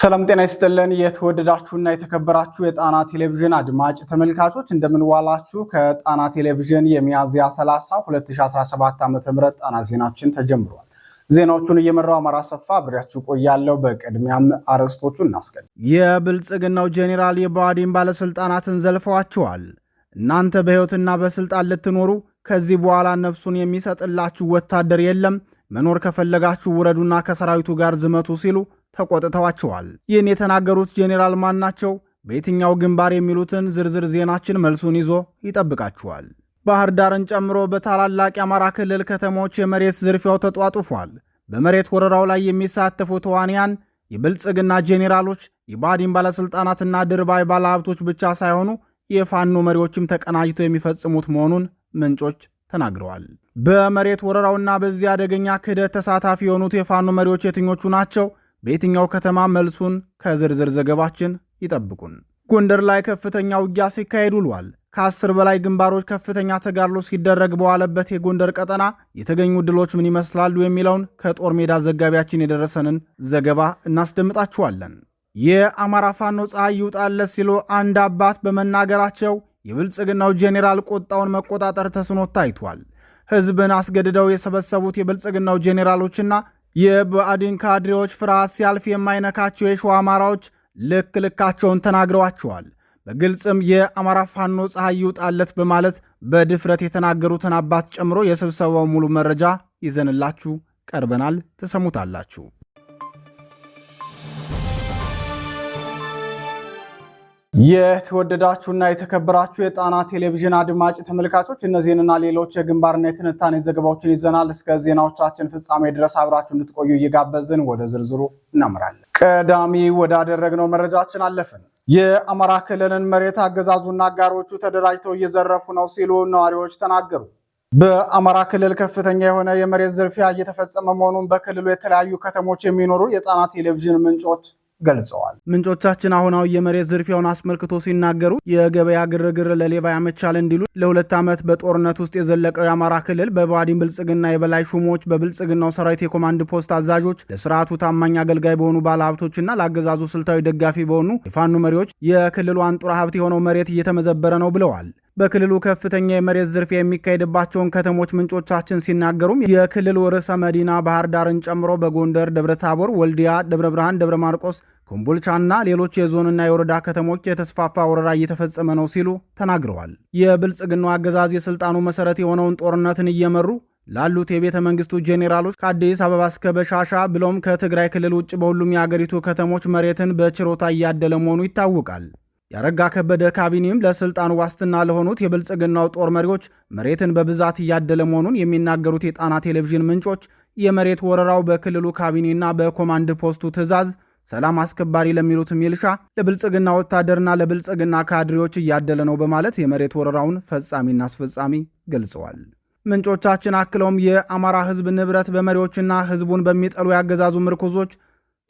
ሰላም ጤና ይስጥልን። የተወደዳችሁና የተከበራችሁ የጣና ቴሌቪዥን አድማጭ ተመልካቾች እንደምንዋላችሁ። ከጣና ቴሌቪዥን የሚያዝያ 30 2017 ዓ.ም ጣና ዜናችን ተጀምሯል። ዜናዎቹን እየመራው አማራ ሰፋ አብሬያችሁ ቆያለው በቅድሚያም አርዕስቶቹ እናስቀድም። የብልጽግናው ጄኔራል የባዕዲን ባለስልጣናትን ዘልፈዋቸዋል። እናንተ በሕይወትና በስልጣን ልትኖሩ ከዚህ በኋላ ነፍሱን የሚሰጥላችሁ ወታደር የለም፣ መኖር ከፈለጋችሁ ውረዱና ከሰራዊቱ ጋር ዝመቱ ሲሉ ተቆጥተዋቸዋል። ይህን የተናገሩት ጄኔራል ማን ናቸው? በየትኛው ግንባር የሚሉትን ዝርዝር ዜናችን መልሱን ይዞ ይጠብቃችኋል። ባህር ዳርን ጨምሮ በታላላቅ የአማራ ክልል ከተሞች የመሬት ዝርፊያው ተጧጡፏል። በመሬት ወረራው ላይ የሚሳተፉ ተዋንያን የብልጽግና ጄኔራሎች፣ የባዲን ባለሥልጣናትና ድርባይ ባለሀብቶች ብቻ ሳይሆኑ የፋኖ መሪዎችም ተቀናጅተው የሚፈጽሙት መሆኑን ምንጮች ተናግረዋል። በመሬት ወረራውና በዚህ አደገኛ ክህደት ተሳታፊ የሆኑት የፋኖ መሪዎች የትኞቹ ናቸው? በየትኛው ከተማ መልሱን ከዝርዝር ዘገባችን ይጠብቁን። ጎንደር ላይ ከፍተኛ ውጊያ ሲካሄድ ውሏል። ከአስር በላይ ግንባሮች ከፍተኛ ተጋድሎ ሲደረግ በዋለበት የጎንደር ቀጠና የተገኙ ድሎች ምን ይመስላሉ የሚለውን ከጦር ሜዳ ዘጋቢያችን የደረሰንን ዘገባ እናስደምጣችኋለን። የአማራ ፋኖ ፀሐይ ይውጣለት ሲሉ አንድ አባት በመናገራቸው የብልጽግናው ጄኔራል ቁጣውን መቆጣጠር ተስኖት ታይቷል። ህዝብን አስገድደው የሰበሰቡት የብልጽግናው ጄኔራሎችና የብአዴን ካድሬዎች ፍርሃት ሲያልፍ የማይነካቸው የሸዋ አማራዎች ልክ ልካቸውን ተናግረዋቸዋል። በግልጽም የአማራ ፋኖ ፀሐይ ይውጣለት በማለት በድፍረት የተናገሩትን አባት ጨምሮ የስብሰባው ሙሉ መረጃ ይዘንላችሁ ቀርበናል። ትሰሙታላችሁ። የተወደዳችሁና የተከበራችሁ የጣና ቴሌቪዥን አድማጭ ተመልካቾች እነዚህንና ሌሎች የግንባርና የትንታኔ ዘገባዎችን ይዘናል። እስከ ዜናዎቻችን ፍጻሜ ድረስ አብራችሁ እንድትቆዩ እየጋበዝን ወደ ዝርዝሩ እናምራለን። ቀዳሚ ወዳደረግነው መረጃችን አለፍን። የአማራ ክልልን መሬት አገዛዙና አጋሮቹ ተደራጅተው እየዘረፉ ነው ሲሉ ነዋሪዎች ተናገሩ። በአማራ ክልል ከፍተኛ የሆነ የመሬት ዝርፊያ እየተፈጸመ መሆኑን በክልሉ የተለያዩ ከተሞች የሚኖሩ የጣና ቴሌቪዥን ምንጮች ገልጸዋል። ምንጮቻችን አሁናዊ የመሬት ዝርፊያውን አስመልክቶ ሲናገሩ የገበያ ግርግር ለሌባ ያመቻል እንዲሉ ለሁለት ዓመት በጦርነት ውስጥ የዘለቀው የአማራ ክልል በባዲን ብልጽግና የበላይ ሹሞች፣ በብልጽግናው ሰራዊት የኮማንድ ፖስት አዛዦች፣ ለስርዓቱ ታማኝ አገልጋይ በሆኑ ባለሀብቶችና ለአገዛዙ ስልታዊ ደጋፊ በሆኑ የፋኖ መሪዎች የክልሉ አንጡራ ሀብት የሆነው መሬት እየተመዘበረ ነው ብለዋል። በክልሉ ከፍተኛ የመሬት ዝርፊያ የሚካሄድባቸውን ከተሞች ምንጮቻችን ሲናገሩም የክልሉ ርዕሰ መዲና ባህር ዳርን ጨምሮ በጎንደር፣ ደብረታቦር፣ ወልዲያ፣ ደብረ ብርሃን፣ ደብረ ማርቆስ ኮምቦልቻና ሌሎች የዞንና የወረዳ ከተሞች የተስፋፋ ወረራ እየተፈጸመ ነው ሲሉ ተናግረዋል። የብልጽግናው አገዛዝ የሥልጣኑ መሠረት የሆነውን ጦርነትን እየመሩ ላሉት የቤተ መንግስቱ ጄኔራሎች ከአዲስ አበባ እስከ በሻሻ ብሎም ከትግራይ ክልል ውጭ በሁሉም የአገሪቱ ከተሞች መሬትን በችሮታ እያደለ መሆኑ ይታወቃል። ያረጋ ከበደ ካቢኔም ለስልጣን ዋስትና ለሆኑት የብልጽግናው ጦር መሪዎች መሬትን በብዛት እያደለ መሆኑን የሚናገሩት የጣና ቴሌቪዥን ምንጮች የመሬት ወረራው በክልሉ ካቢኔና በኮማንድ ፖስቱ ትዕዛዝ ሰላም አስከባሪ ለሚሉት ሚልሻ፣ ለብልጽግና ወታደርና ለብልጽግና ካድሬዎች እያደለ ነው በማለት የመሬት ወረራውን ፈጻሚና አስፈጻሚ ገልጸዋል። ምንጮቻችን አክለውም የአማራ ሕዝብ ንብረት በመሪዎችና ሕዝቡን በሚጠሉ ያገዛዙ ምርኩዞች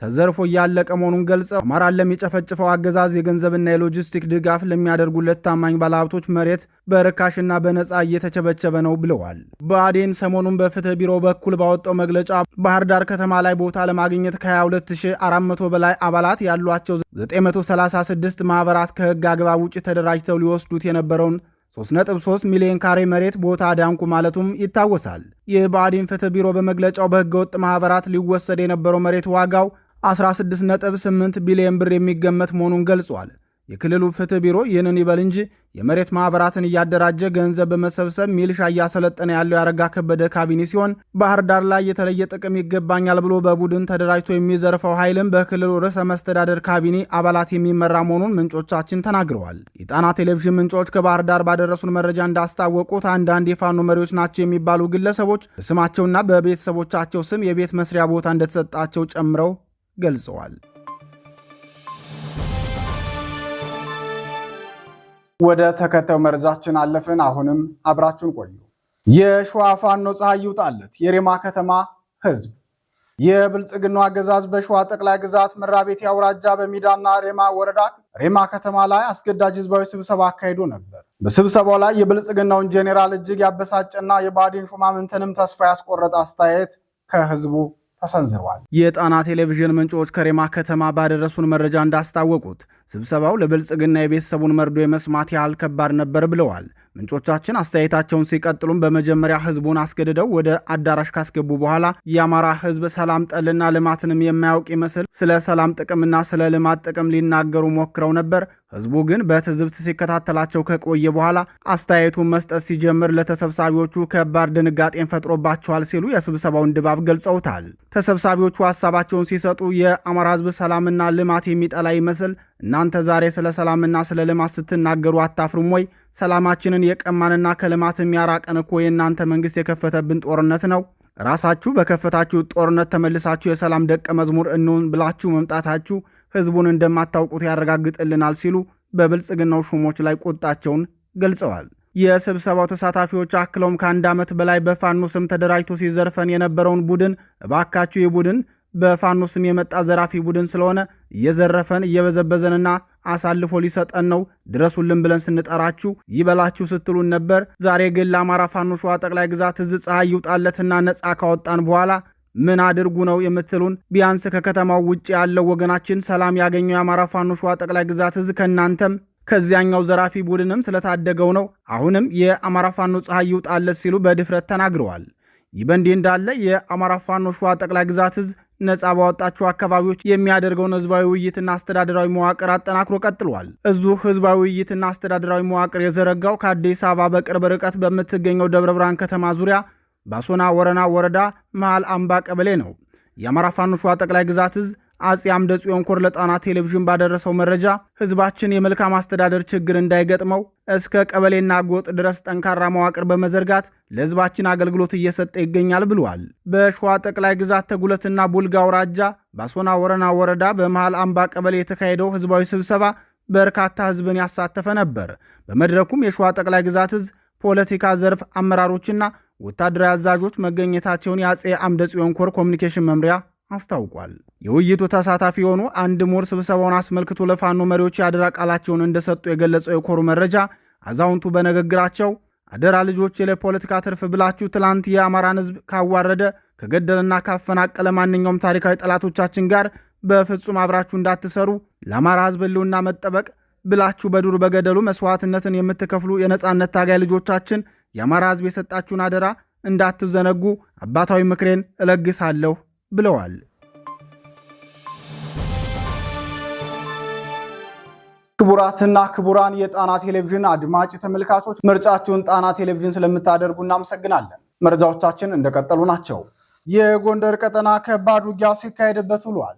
ተዘርፎ እያለቀ መሆኑን ገልጸው አማራን ለሚጨፈጭፈው አገዛዝ የገንዘብና የሎጂስቲክ ድጋፍ ለሚያደርጉለት ታማኝ ባለሀብቶች መሬት በርካሽና በነፃ እየተቸበቸበ ነው ብለዋል። ብአዴን ሰሞኑን በፍትህ ቢሮ በኩል ባወጣው መግለጫ ባህር ዳር ከተማ ላይ ቦታ ለማግኘት ከ22400 በላይ አባላት ያሏቸው 936 ማህበራት ከህግ አግባብ ውጭ ተደራጅተው ሊወስዱት የነበረውን 3.3 ሚሊዮን ካሬ መሬት ቦታ ዳንኩ ማለቱም ይታወሳል። የብአዴን ፍትህ ቢሮ በመግለጫው በህገወጥ ማህበራት ሊወሰድ የነበረው መሬት ዋጋው 16.8 ቢሊዮን ብር የሚገመት መሆኑን ገልጿል። የክልሉ ፍትህ ቢሮ ይህንን ይበል እንጂ የመሬት ማኅበራትን እያደራጀ ገንዘብ በመሰብሰብ ሚልሻ እያሰለጠነ ያለው ያረጋ ከበደ ካቢኔ ሲሆን ባህር ዳር ላይ የተለየ ጥቅም ይገባኛል ብሎ በቡድን ተደራጅቶ የሚዘርፈው ኃይልም በክልሉ ርዕሰ መስተዳደር ካቢኔ አባላት የሚመራ መሆኑን ምንጮቻችን ተናግረዋል። የጣና ቴሌቪዥን ምንጮች ከባህር ዳር ባደረሱን መረጃ እንዳስታወቁት አንዳንድ የፋኖ መሪዎች ናቸው የሚባሉ ግለሰቦች በስማቸውና በቤተሰቦቻቸው ስም የቤት መስሪያ ቦታ እንደተሰጣቸው ጨምረው ገልጸዋል። ወደ ተከታዩ መረጃችን አለፍን። አሁንም አብራችሁን ቆዩ። የሸዋ ፋኖ ፀሐይ ይውጣለት የሬማ ከተማ ህዝብ የብልጽግናው አገዛዝ በሸዋ ጠቅላይ ግዛት መራቤቴ አውራጃ በሚዳና ሬማ ወረዳ ሬማ ከተማ ላይ አስገዳጅ ህዝባዊ ስብሰባ አካሂዶ ነበር። በስብሰባው ላይ የብልጽግናውን ጄኔራል እጅግ ያበሳጨና የባዲን ሹማምንትንም ተስፋ ያስቆረጠ አስተያየት ከህዝቡ ተሰንዝረዋል። የጣና ቴሌቪዥን ምንጮች ከሬማ ከተማ ባደረሱን መረጃ እንዳስታወቁት ስብሰባው ለብልጽግና የቤተሰቡን መርዶ የመስማት ያህል ከባድ ነበር ብለዋል። ምንጮቻችን አስተያየታቸውን ሲቀጥሉም በመጀመሪያ ህዝቡን አስገድደው ወደ አዳራሽ ካስገቡ በኋላ የአማራ ህዝብ ሰላም ጠልና ልማትንም የማያውቅ ይመስል ስለ ሰላም ጥቅምና ስለ ልማት ጥቅም ሊናገሩ ሞክረው ነበር። ህዝቡ ግን በትዝብት ሲከታተላቸው ከቆየ በኋላ አስተያየቱን መስጠት ሲጀምር ለተሰብሳቢዎቹ ከባድ ድንጋጤን ፈጥሮባቸዋል ሲሉ የስብሰባውን ድባብ ገልጸውታል። ተሰብሳቢዎቹ ሀሳባቸውን ሲሰጡ የአማራ ህዝብ ሰላምና ልማት የሚጠላ ይመስል እናንተ ዛሬ ስለ ሰላምና ስለ ልማት ስትናገሩ አታፍሩም ወይ? ሰላማችንን የቀማንና ከልማት የሚያራቀን እኮ የእናንተ መንግሥት የከፈተብን ጦርነት ነው። ራሳችሁ በከፈታችሁ ጦርነት ተመልሳችሁ የሰላም ደቀ መዝሙር እንሁን ብላችሁ መምጣታችሁ ሕዝቡን እንደማታውቁት ያረጋግጥልናል ሲሉ በብልጽግናው ሹሞች ላይ ቁጣቸውን ገልጸዋል። የስብሰባው ተሳታፊዎች አክለውም ከአንድ ዓመት በላይ በፋኖ ስም ተደራጅቶ ሲዘርፈን የነበረውን ቡድን እባካችሁ ይህ ቡድን በፋኖ ስም የመጣ ዘራፊ ቡድን ስለሆነ እየዘረፈን እየበዘበዘንና አሳልፎ ሊሰጠን ነው ድረሱልን ብለን ስንጠራችሁ ይበላችሁ ስትሉን ነበር። ዛሬ ግን ለአማራ ፋኖ ሸዋ ጠቅላይ ግዛት እዝ ፀሐይ ይውጣለትና ነፃ ካወጣን በኋላ ምን አድርጉ ነው የምትሉን? ቢያንስ ከከተማው ውጭ ያለው ወገናችን ሰላም ያገኘው የአማራ ፋኖ ሸዋ ጠቅላይ ግዛት እዝ ከእናንተም ከዚያኛው ዘራፊ ቡድንም ስለታደገው ነው። አሁንም የአማራ ፋኖ ፀሐይ ይውጣለት ሲሉ በድፍረት ተናግረዋል። ይህ በእንዲህ እንዳለ የአማራ ፋኖ ሸዋ ጠቅላይ ግዛት እዝ ነጻ ባወጣቸው አካባቢዎች የሚያደርገውን ህዝባዊ ውይይትና አስተዳደራዊ መዋቅር አጠናክሮ ቀጥሏል። እዙ ህዝባዊ ውይይትና አስተዳደራዊ መዋቅር የዘረጋው ከአዲስ አበባ በቅርብ ርቀት በምትገኘው ደብረ ብርሃን ከተማ ዙሪያ ባሶና ወረና ወረዳ መሃል አምባ ቀበሌ ነው። የአማራ ፋኖ ሸዋ ጠቅላይ ግዛት እዝ አጼ አምደ ጽዮን ኮር ለጣና ቴሌቪዥን ባደረሰው መረጃ ህዝባችን የመልካም አስተዳደር ችግር እንዳይገጥመው እስከ ቀበሌና ጎጥ ድረስ ጠንካራ መዋቅር በመዘርጋት ለህዝባችን አገልግሎት እየሰጠ ይገኛል ብሏል። በሸዋ ጠቅላይ ግዛት ተጉለትና ቡልጋ አውራጃ በአሶና ወረና ወረዳ በመሃል አምባ ቀበሌ የተካሄደው ህዝባዊ ስብሰባ በርካታ ህዝብን ያሳተፈ ነበር። በመድረኩም የሸዋ ጠቅላይ ግዛት ህዝብ ፖለቲካ ዘርፍ አመራሮችና ወታደራዊ አዛዦች መገኘታቸውን የአጼ አምደ ጽዮን ኮር ኮሚኒኬሽን መምሪያ አስታውቋል። የውይይቱ ተሳታፊ የሆኑ አንድ ምሁር ስብሰባውን አስመልክቶ ለፋኖ መሪዎች የአደራ ቃላቸውን እንደሰጡ የገለጸው የኮሩ መረጃ አዛውንቱ በንግግራቸው አደራ ልጆች ለፖለቲካ ትርፍ ብላችሁ ትላንት የአማራን ህዝብ ካዋረደ ከገደለና ካፈናቀለ ማንኛውም ታሪካዊ ጠላቶቻችን ጋር በፍጹም አብራችሁ እንዳትሰሩ ለአማራ ህዝብ ሕልውና መጠበቅ ብላችሁ በዱር በገደሉ መስዋዕትነትን የምትከፍሉ የነፃነት ታጋይ ልጆቻችን የአማራ ህዝብ የሰጣችሁን አደራ እንዳትዘነጉ አባታዊ ምክሬን እለግሳለሁ ብለዋል። ክቡራትና ክቡራን የጣና ቴሌቪዥን አድማጭ ተመልካቾች ምርጫችሁን ጣና ቴሌቪዥን ስለምታደርጉ እናመሰግናለን። መረጃዎቻችን እንደቀጠሉ ናቸው። የጎንደር ቀጠና ከባድ ውጊያ ሲካሄድበት ውሏል።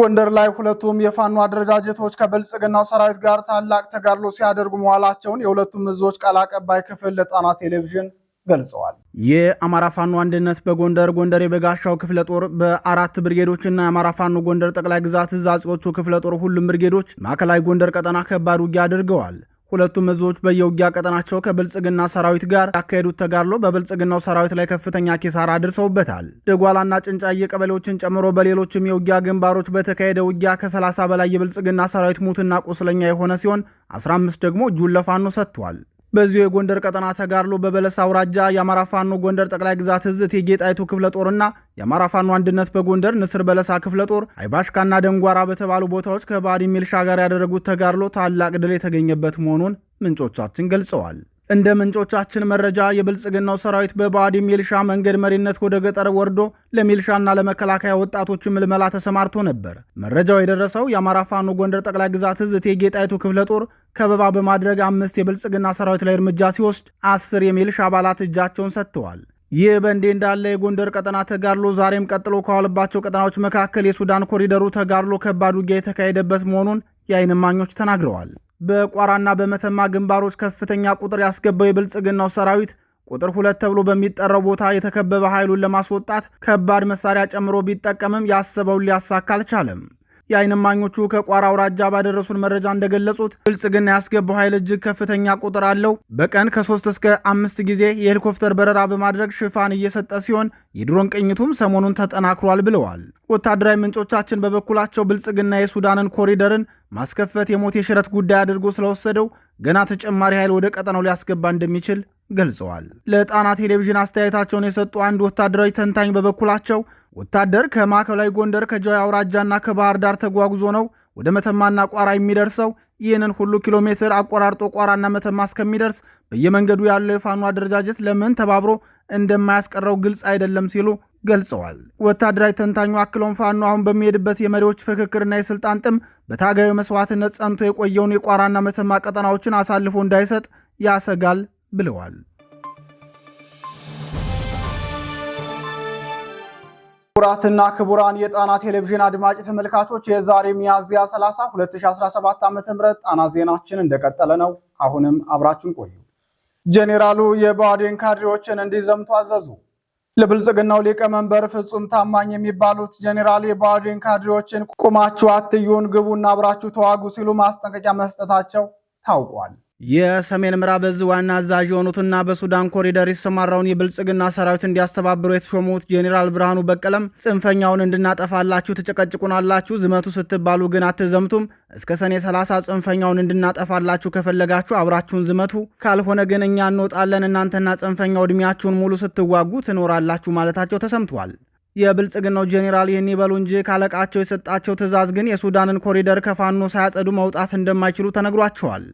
ጎንደር ላይ ሁለቱም የፋኖ አደረጃጀቶች ከብልጽግናው ሰራዊት ጋር ታላቅ ተጋድሎ ሲያደርጉ መዋላቸውን የሁለቱም እዞች ቃል አቀባይ ክፍል ለጣና ቴሌቪዥን ገልጸዋል። የአማራ ፋኖ አንድነት በጎንደር ጎንደር የበጋሻው ክፍለ ጦር በአራት ብርጌዶችና የአማራ ፋኖ ጎንደር ጠቅላይ ግዛት እዝ አፄዎቹ ክፍለ ጦር ሁሉም ብርጌዶች ማዕከላዊ ጎንደር ቀጠና ከባድ ውጊያ አድርገዋል። ሁለቱም እዞች በየውጊያ ቀጠናቸው ከብልጽግና ሰራዊት ጋር ያካሄዱት ተጋድሎ በብልጽግናው ሰራዊት ላይ ከፍተኛ ኪሳራ አድርሰውበታል። ደጓላና ጭንጫየ ቀበሌዎችን ጨምሮ በሌሎችም የውጊያ ግንባሮች በተካሄደ ውጊያ ከ30 በላይ የብልጽግና ሰራዊት ሙትና ቁስለኛ የሆነ ሲሆን 15 ደግሞ እጁን ለፋኖ ሰጥቷል። በዚሁ የጎንደር ቀጠና ተጋድሎ በበለስ አውራጃ የአማራ ፋኖ ጎንደር ጠቅላይ ግዛት እዝ እቴጌ ጣይቱ ክፍለ ጦርና የአማራ ፋኖ አንድነት በጎንደር ንስር በለሳ ክፍለ ጦር አይባሽካና ደንጓራ በተባሉ ቦታዎች ከባዲ ሚልሻ ጋር ያደረጉት ተጋድሎ ታላቅ ድል የተገኘበት መሆኑን ምንጮቻችን ገልጸዋል። እንደ ምንጮቻችን መረጃ የብልጽግናው ሰራዊት በባዲ ሚልሻ መንገድ መሪነት ወደ ገጠር ወርዶ ለሚልሻና ለመከላከያ ወጣቶች ምልመላ ተሰማርቶ ነበር። መረጃው የደረሰው የአማራ ፋኖ ጎንደር ጠቅላይ ግዛት እዝ እቴጌ ጣይቱ ክፍለ ጦር ከበባ በማድረግ አምስት የብልጽግና ሰራዊት ላይ እርምጃ ሲወስድ አስር የሚልሻ አባላት እጃቸውን ሰጥተዋል። ይህ በእንዲህ እንዳለ የጎንደር ቀጠና ተጋድሎ ዛሬም ቀጥሎ ከዋለባቸው ቀጠናዎች መካከል የሱዳን ኮሪደሩ ተጋድሎ ከባድ ውጊያ የተካሄደበት መሆኑን የአይን እማኞች ተናግረዋል። በቋራና በመተማ ግንባሮች ከፍተኛ ቁጥር ያስገባው የብልጽግናው ሰራዊት ቁጥር ሁለት ተብሎ በሚጠራው ቦታ የተከበበ ኃይሉን ለማስወጣት ከባድ መሳሪያ ጨምሮ ቢጠቀምም ያሰበውን ሊያሳካ አልቻለም። የዓይን እማኞቹ ከቋራ አውራጃ ባደረሱን መረጃ እንደገለጹት ብልጽግና ያስገባው ኃይል እጅግ ከፍተኛ ቁጥር አለው። በቀን ከሶስት እስከ አምስት ጊዜ የሄሊኮፕተር በረራ በማድረግ ሽፋን እየሰጠ ሲሆን የድሮን ቅኝቱም ሰሞኑን ተጠናክሯል ብለዋል። ወታደራዊ ምንጮቻችን በበኩላቸው ብልጽግና የሱዳንን ኮሪደርን ማስከፈት የሞት የሽረት ጉዳይ አድርጎ ስለወሰደው ገና ተጨማሪ ኃይል ወደ ቀጠናው ሊያስገባ እንደሚችል ገልጸዋል። ለጣና ቴሌቪዥን አስተያየታቸውን የሰጡ አንድ ወታደራዊ ተንታኝ በበኩላቸው ወታደር ከማዕከላዊ ጎንደር ከጃዊ አውራጃና ከባህር ዳር ተጓጉዞ ነው ወደ መተማና ቋራ የሚደርሰው። ይህንን ሁሉ ኪሎ ሜትር አቆራርጦ ቋራና መተማ እስከሚደርስ በየመንገዱ ያለው የፋኖ አደረጃጀት ለምን ተባብሮ እንደማያስቀረው ግልጽ አይደለም ሲሉ ገልጸዋል። ወታደራዊ ተንታኙ አክለውም ፋኖ አሁን በሚሄድበት የመሪዎች ፍክክርና የስልጣን ጥም በታጋዩ መስዋዕትነት ጸንቶ የቆየውን የቋራና መተማ ቀጠናዎችን አሳልፎ እንዳይሰጥ ያሰጋል ብለዋል። ክቡራትና ክቡራን የጣና ቴሌቪዥን አድማጭ ተመልካቾች የዛሬ ሚያዝያ 30 2017 ዓ.ም ጣና ዜናችን እንደቀጠለ ነው። አሁንም አብራችን ቆዩ። ጄኔራሉ የባዴን ካድሬዎችን እንዲዘምቱ አዘዙ። ለብልጽግናው ሊቀመንበር ፍጹም ታማኝ የሚባሉት ጄኔራል የባዴን ካድሬዎችን ቁማችሁ አትዩን፣ ግቡና አብራችሁ ተዋጉ ሲሉ ማስጠንቀቂያ መስጠታቸው ታውቋል። የሰሜን ምዕራብ እዝ ዋና አዛዥ የሆኑትና በሱዳን ኮሪደር የተሰማራውን የብልጽግና ሰራዊት እንዲያስተባብሩ የተሾሙት ጄኔራል ብርሃኑ በቀለም ጽንፈኛውን እንድናጠፋላችሁ ትጨቀጭቁናላችሁ፣ ዝመቱ ስትባሉ ግን አትዘምቱም። እስከ ሰኔ 30 ጽንፈኛውን እንድናጠፋላችሁ ከፈለጋችሁ አብራችሁን ዝመቱ፣ ካልሆነ ግን እኛ እንወጣለን፣ እናንተና ጽንፈኛው ዕድሜያችሁን ሙሉ ስትዋጉ ትኖራላችሁ ማለታቸው ተሰምቷል። የብልጽግናው ጄኔራል ይህን ይበሉ እንጂ ካለቃቸው የሰጣቸው ትዕዛዝ ግን የሱዳንን ኮሪደር ከፋኖ ሳያጸዱ መውጣት እንደማይችሉ ተነግሯቸዋል።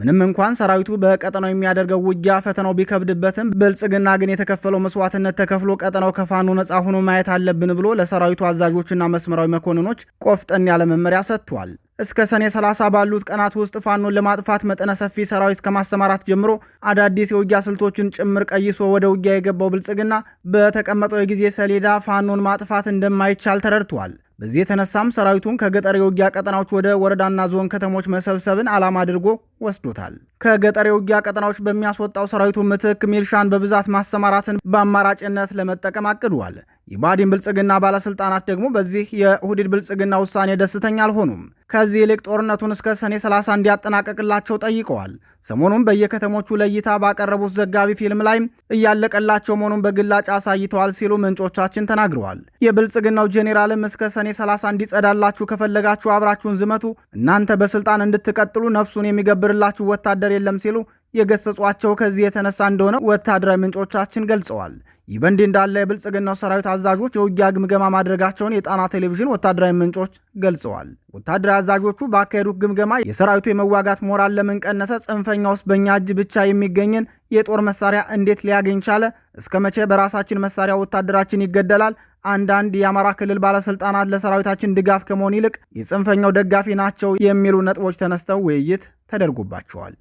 ምንም እንኳን ሰራዊቱ በቀጠናው የሚያደርገው ውጊያ ፈተናው ቢከብድበትም ብልጽግና ግን የተከፈለው መስዋዕትነት ተከፍሎ ቀጠናው ከፋኖ ነፃ ሆኖ ማየት አለብን ብሎ ለሰራዊቱ አዛዦችና መስመራዊ መኮንኖች ቆፍጠን ያለ መመሪያ ሰጥቷል። እስከ ሰኔ 30 ባሉት ቀናት ውስጥ ፋኖን ለማጥፋት መጠነ ሰፊ ሰራዊት ከማሰማራት ጀምሮ አዳዲስ የውጊያ ስልቶችን ጭምር ቀይሶ ወደ ውጊያ የገባው ብልጽግና በተቀመጠው የጊዜ ሰሌዳ ፋኖን ማጥፋት እንደማይቻል ተረድቷል። በዚህ የተነሳም ሰራዊቱን ከገጠር የውጊያ ቀጠናዎች ወደ ወረዳና ዞን ከተሞች መሰብሰብን ዓላማ አድርጎ ወስዶታል። ከገጠር የውጊያ ቀጠናዎች በሚያስወጣው ሰራዊቱ ምትክ ሚልሻን በብዛት ማሰማራትን በአማራጭነት ለመጠቀም አቅዷል። የባዲን ብልጽግና ባለስልጣናት ደግሞ በዚህ የሁዲድ ብልጽግና ውሳኔ ደስተኛ አልሆኑም። ከዚህ ይልቅ ጦርነቱን እስከ ሰኔ 30 እንዲያጠናቀቅላቸው ጠይቀዋል። ሰሞኑን በየከተሞቹ ለእይታ ባቀረቡት ዘጋቢ ፊልም ላይ እያለቀላቸው መሆኑን በግላጭ አሳይተዋል ሲሉ ምንጮቻችን ተናግረዋል። የብልጽግናው ጄኔራልም እስከ ሰኔ 30 እንዲጸዳላችሁ ከፈለጋችሁ አብራችሁን ዝመቱ፣ እናንተ በስልጣን እንድትቀጥሉ ነፍሱን የሚገብር የሚያከብርላችሁ ወታደር የለም ሲሉ የገሰጿቸው ከዚህ የተነሳ እንደሆነ ወታደራዊ ምንጮቻችን ገልጸዋል። ይህ በእንዲህ እንዳለ የብልጽግናው ሰራዊት አዛዦች የውጊያ ግምገማ ማድረጋቸውን የጣና ቴሌቪዥን ወታደራዊ ምንጮች ገልጸዋል። ወታደራዊ አዛዦቹ ባካሄዱት ግምገማ የሰራዊቱ የመዋጋት ሞራል ለምን ቀነሰ፣ ጽንፈኛ ውስጥ በእኛ እጅ ብቻ የሚገኝን የጦር መሳሪያ እንዴት ሊያገኝ ቻለ፣ እስከ መቼ በራሳችን መሳሪያ ወታደራችን ይገደላል፣ አንዳንድ የአማራ ክልል ባለስልጣናት ለሰራዊታችን ድጋፍ ከመሆን ይልቅ የጽንፈኛው ደጋፊ ናቸው የሚሉ ነጥቦች ተነስተው ውይይት ተደርጎባቸዋል።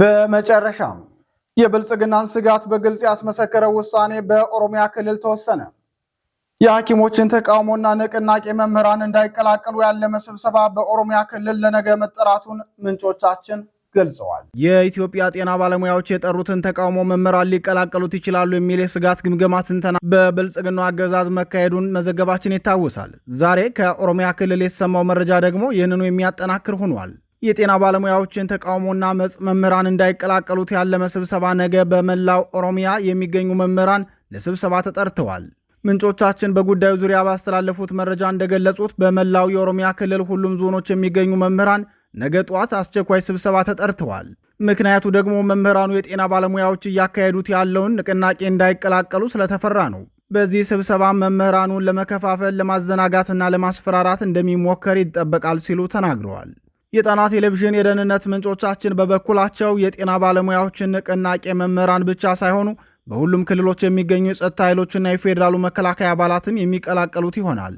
በመጨረሻም የብልጽግናን ስጋት በግልጽ ያስመሰከረው ውሳኔ በኦሮሚያ ክልል ተወሰነ። የሐኪሞችን ተቃውሞና ንቅናቄ መምህራን እንዳይቀላቀሉ ያለመ ስብሰባ በኦሮሚያ ክልል ለነገ መጠራቱን ምንጮቻችን ገልጸዋል። የኢትዮጵያ ጤና ባለሙያዎች የጠሩትን ተቃውሞ መምህራን ሊቀላቀሉት ይችላሉ የሚል የስጋት ግምገማ ትንተና በብልጽግናው አገዛዝ መካሄዱን መዘገባችን ይታወሳል። ዛሬ ከኦሮሚያ ክልል የተሰማው መረጃ ደግሞ ይህንኑ የሚያጠናክር ሆኗል። የጤና ባለሙያዎችን ተቃውሞና አመፅ መምህራን እንዳይቀላቀሉት ያለመ ስብሰባ ነገ በመላው ኦሮሚያ የሚገኙ መምህራን ለስብሰባ ተጠርተዋል። ምንጮቻችን በጉዳዩ ዙሪያ ባስተላለፉት መረጃ እንደገለጹት በመላው የኦሮሚያ ክልል ሁሉም ዞኖች የሚገኙ መምህራን ነገ ጠዋት አስቸኳይ ስብሰባ ተጠርተዋል። ምክንያቱ ደግሞ መምህራኑ የጤና ባለሙያዎች እያካሄዱት ያለውን ንቅናቄ እንዳይቀላቀሉ ስለተፈራ ነው። በዚህ ስብሰባ መምህራኑን ለመከፋፈል ለማዘናጋትና ለማስፈራራት እንደሚሞከር ይጠበቃል ሲሉ ተናግረዋል። የጣና ቴሌቪዥን የደህንነት ምንጮቻችን በበኩላቸው የጤና ባለሙያዎችን ንቅናቄ መምህራን ብቻ ሳይሆኑ በሁሉም ክልሎች የሚገኙ የጸጥታ ኃይሎችና የፌዴራሉ መከላከያ አባላትም የሚቀላቀሉት ይሆናል።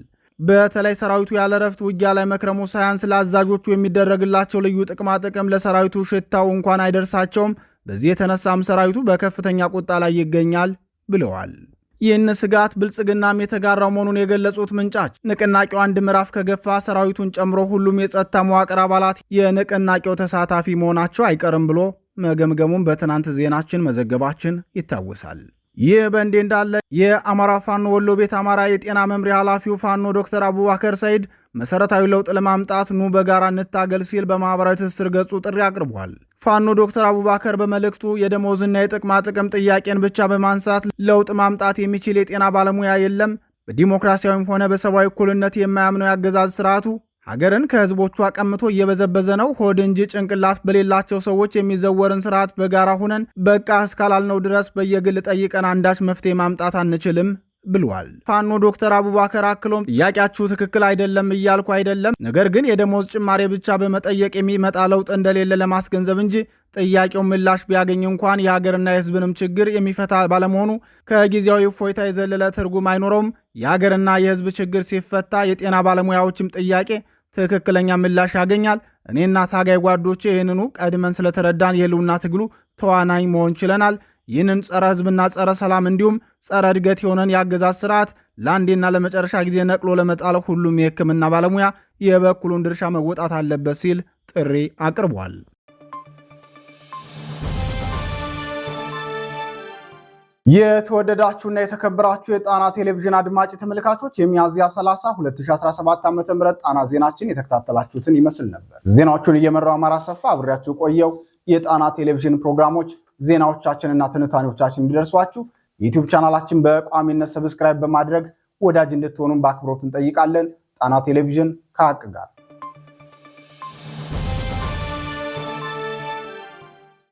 በተለይ ሰራዊቱ ያለ ረፍት ውጊያ ላይ መክረሙ ሳያንስ ለአዛዦቹ የሚደረግላቸው ልዩ ጥቅማ ጥቅም ለሰራዊቱ ሽታው እንኳን አይደርሳቸውም። በዚህ የተነሳም ሰራዊቱ በከፍተኛ ቁጣ ላይ ይገኛል ብለዋል። ይህን ስጋት ብልጽግናም የተጋራው መሆኑን የገለጹት ምንጫች ንቅናቄው አንድ ምዕራፍ ከገፋ ሰራዊቱን ጨምሮ ሁሉም የጸጥታ መዋቅር አባላት የንቅናቄው ተሳታፊ መሆናቸው አይቀርም ብሎ መገምገሙን በትናንት ዜናችን መዘገባችን ይታወሳል። ይህ በእንዲህ እንዳለ የአማራ ፋኖ ወሎ ቤት አማራ የጤና መምሪያ ኃላፊው ፋኖ ዶክተር አቡባከር ሰይድ መሰረታዊ ለውጥ ለማምጣት ኑ በጋራ እንታገል ሲል በማኅበራዊ ትስስር ገጹ ጥሪ አቅርቧል። ፋኖ ዶክተር አቡባከር በመልእክቱ የደሞዝና የጥቅማ ጥቅም ጥያቄን ብቻ በማንሳት ለውጥ ማምጣት የሚችል የጤና ባለሙያ የለም፣ በዲሞክራሲያዊም ሆነ በሰብአዊ እኩልነት የማያምነው የአገዛዝ ስርዓቱ ሀገርን ከህዝቦቹ አቀምቶ እየበዘበዘ ነው። ሆድ እንጂ ጭንቅላት በሌላቸው ሰዎች የሚዘወርን ስርዓት በጋራ ሁነን በቃ እስካላልነው ድረስ በየግል ጠይቀን አንዳች መፍትሄ ማምጣት አንችልም ብሏል። ፋኖ ዶክተር አቡባከር አክሎም ጥያቄያችሁ ትክክል አይደለም እያልኩ አይደለም፣ ነገር ግን የደሞዝ ጭማሬ ብቻ በመጠየቅ የሚመጣ ለውጥ እንደሌለ ለማስገንዘብ እንጂ ጥያቄው ምላሽ ቢያገኝ እንኳን የሀገርና የህዝብንም ችግር የሚፈታ ባለመሆኑ ከጊዜያዊ እፎይታ የዘለለ ትርጉም አይኖረውም። የሀገርና የህዝብ ችግር ሲፈታ የጤና ባለሙያዎችም ጥያቄ ትክክለኛ ምላሽ ያገኛል። እኔና ታጋይ ጓዶች ይህንኑ ቀድመን ስለተረዳን የህልውና ትግሉ ተዋናኝ መሆን ችለናል። ይህንን ጸረ ህዝብና ጸረ ሰላም እንዲሁም ጸረ እድገት የሆነን የአገዛዝ ስርዓት ለአንዴና ለመጨረሻ ጊዜ ነቅሎ ለመጣል ሁሉም የህክምና ባለሙያ የበኩሉን ድርሻ መወጣት አለበት ሲል ጥሪ አቅርቧል። የተወደዳችሁና የተከበራችሁ የጣና ቴሌቪዥን አድማጭ ተመልካቾች የሚያዝያ 30 2017 ዓ.ም ጣና ዜናችን የተከታተላችሁትን ይመስል ነበር። ዜናዎቹን እየመራው አማራ ሰፋ አብሬያችሁ ቆየው። የጣና ቴሌቪዥን ፕሮግራሞች፣ ዜናዎቻችንና ትንታኔዎቻችን እንዲደርሷችሁ ዩቲዩብ ቻናላችን በቋሚነት ሰብስክራይብ በማድረግ ወዳጅ እንድትሆኑን በአክብሮት እንጠይቃለን። ጣና ቴሌቪዥን ከሀቅ ጋር